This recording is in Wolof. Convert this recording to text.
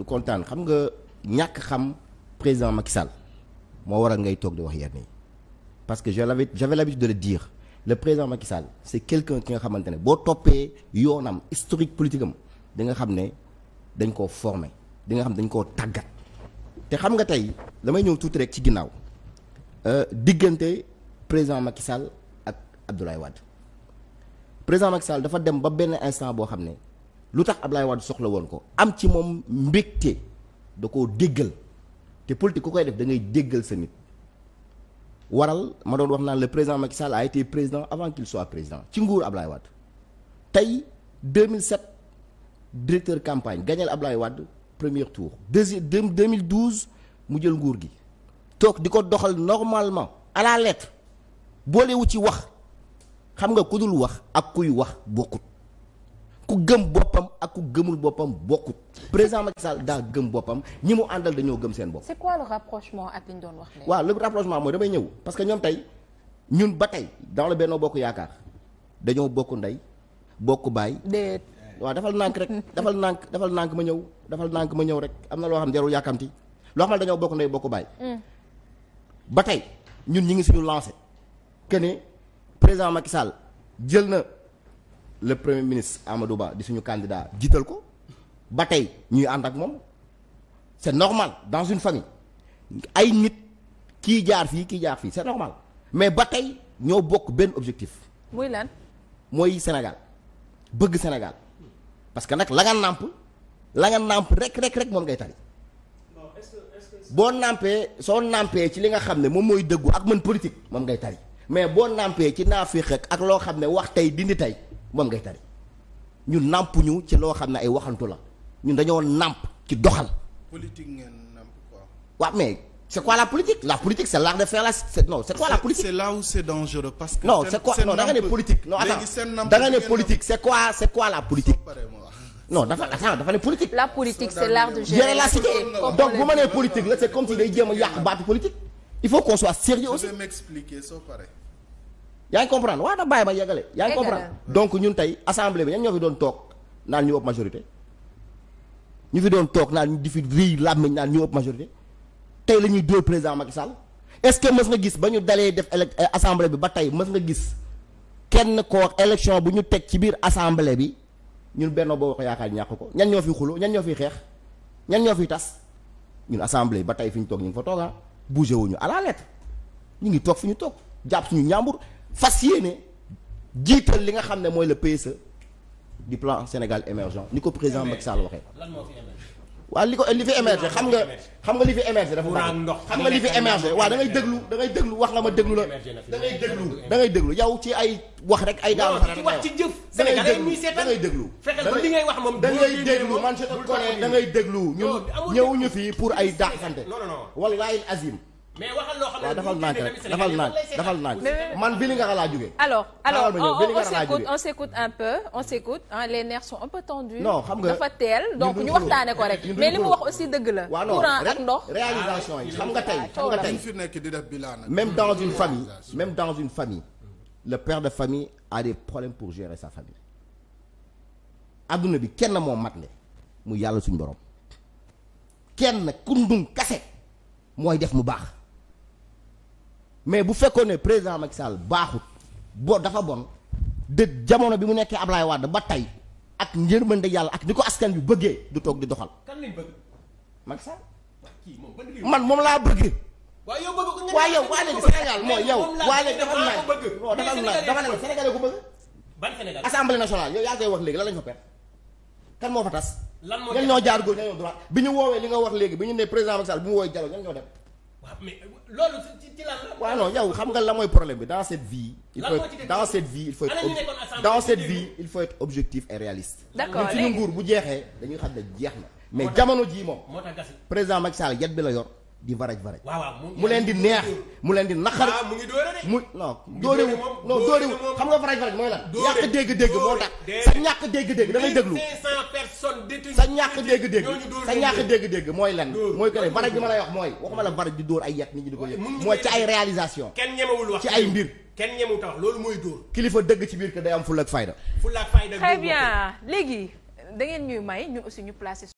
du kontaan xam nga ñàkk xam président Macky moo waral ngay toog di wax yenn yi parce que je l'avais j'avais l'habitude de le dire le président Macky Sall c'est quelqu'un ki nga xamante ne boo toppee yoonam historique politique am di nga xam ne dañ koo former di nga xam dañ koo tàggat te xam nga tey damay ñëw tuuti rek ci ginnaaw euh, diggante président Macky ak Abdoulaye Wade président Macky dafa dem ba benn instant boo xam ne lu tax ab Ablaye Wade soxla woon ko am ci moom mbégte da koo déggal te politique ku koy def da ngay déggal sa nit waral ma doon wax naa le président Macky Sall a été président avant qu'il soit président ci nguur Ablaye Wade tey 2007 directeur campagne gagnal Ablaye Wade premier tour mille 2012 mu jël nguur gi toog di ko doxal normalement à la lettre boolewu ci wax xam nga ku dul wax ak kuy wax bokkut ku gëm boppam ak ku gëmul boppam bokkut président Macky Sall daa gëm boppam ñi mu àndal dañoo gëm seen bopp. c'est quoi le mooy damay ñëw parce que ñoom tey ñun ba tey dans le Benno Bokk Yaakaar dañoo bokk ndey bokk baay. déet waaw nànk rek dafal nànk dafal nànk ma ñëw dafal nànk ma ñëw rek am na loo xam ne jarul yàkkamti loo xam ne dañoo bokk ndey bokk baay. Mm. ba tey ñun ñi ngi suñu lancé que ne président Macky Sall jël na. le premier ministre Amadou Ba di suñu candidat jiital ko ba tey ñuy ànd ak moom c'est normal dans une famille ay nit kii jaar fii kii jaar fii c'est normal mais ba tey ñoo bokk benn objectif. muy lan. mooy Sénégal bëgg Sénégal parce que nag la nga nàmp la nga nàmp rek rek rek moom ngay tari. boo nàmpee soo nàmpee ci li nga xam ne moom mooy dëggu ak man politique moom ngay tari mais boo nàmpee ci naaféq ak loo xam ne wax tey dindi tey. moom ngay tari ñun nàmpuñu ci loo xam ne ay waxantu la ñun dañoo nàmp ci doxal. politique mais c'est quoi la politique la politique c'est l'art de faire la c'est non c'est quoi la politique. c'est dafa attends dafa ne politique. la politique c'est l'art de gérer la cité donc bu ma nee politique la c'est comme si day jéem a yàq baatu politique il faut qu'on soit yaa ngi comprendre waaw da bàyyi ma yeggale yaa ngi comprendre donc ñun tey assemblée bi ñan ñoo fi doon toog naan ñu ëpp majorité ñu fi doon toog naan di fi riy làmmiñ naan ñu ëpp majorité tey la ñuy dóor président Macky Sall est-ce que mës nga gis ba ñu dalee def élec euh, assemblée bi ba tey mës nga gis kenn koo élection bu ñu teg ci biir assemblée bi ñun benn boo ko yaakaar ñàkk ko ñan ñoo fi xulo ñan ñoo fi xeex ñan ñoo fi tas ñun assemblée ba tey fi ñu toog ñu ngi fa toog ah bougé wuñu à ñu ngi toog fu ñu toog jàpp suñu ñaambur fas yéene jiital li nga xam ne mooy le PSE du plan Sénégal émergent ni ko président Macky Sall waxee. lan moo fi émergé. waaw li ko li fi émergé xam nga xam nga li fi émergé dafa baax xam nga li fi émergé waaw da ngay déglu da ngay déglu wax nga ma déglu la da ngay déglu da ngay déglu yow ci ay wax rek ay daal ci wax ci jëf Sénégal ñuy seetaan da ngay déglu fexeel ba li ngay wax moom da ngay déglu man je te connais da ngay déglu ñun ñëwuñu fii pour ay daaxante wallahi azim mais waxal loo xam ne dafal naaj rek dafal naaj dafal man bi li nga xalaa jóge alors alors on s'écoute on s'écoute un peu on s'écoute les nerfs sont un peu tendus non xam nga dafa teel donc ñu waxtaane ko rek mais li mu wax aussi dëgg la courant ak ndox réalisation yi xam nga tey xam nga tey fi nekk di def bilan même dans une famille même dans une famille le père de famille a des problèmes pour gérer sa famille adduna bi kenn moo mat le mu yàlla suñ borom kenn kundum kase mooy def mu baax mais bu fekkoon ne président Macky Sall baaxut bo dafa bon de jamono bi mu nekkee Ablaye Wade ba tey ak man de yàlla ak ni ko askan bi bëggee du toog di doxal. kan lañ bëgg. Macky Sall. man moom laa bëgg. waaw yow bëgg léegi Sénégal mooy yow. waa léegi dafa naaj non ko bëgg. ban Sénégal yaa koy wax léegi lan lañ fa perte. moo fa tas. lan moo ñoo jaar góor ñoo droit bi ñu woowee li nga wax léegi bi ñu ne président Macky Sall bu mu woowee Diallo ñan ñoo dem mais loolu ci ci lan la. waaw yow xam nga la mooy problème bi dans cette vie. il faut dans cette vie dans cette vie il faut être objectif et réaliste. d'accord suñu nguur bu jeexee dañuy xam ne jeex na. mais jamono jii moom. moo tax président Macky Sall yet bi la yor. di varaj varaj. mu leen di neex mu leen di naqari. mu ngi doore de. xam nga varaj varaj mooy lan. ñàkk dégg-dégg moo tax. sa ñàkk dégg-dégg damay déglu. sa ñàkk dégg-dégg. sa ñàkk mooy lan. mooy que ne varaj bi ma lay wax mooy waxuma la di dóor ay yat nit ñi di ko yëg. mooy ci ay réalisation. ci ay mbir. kilifa dëgg ci biir que day am fulla ak fayda. fulla bien léegi da ñuy may ñu aussi ñu placer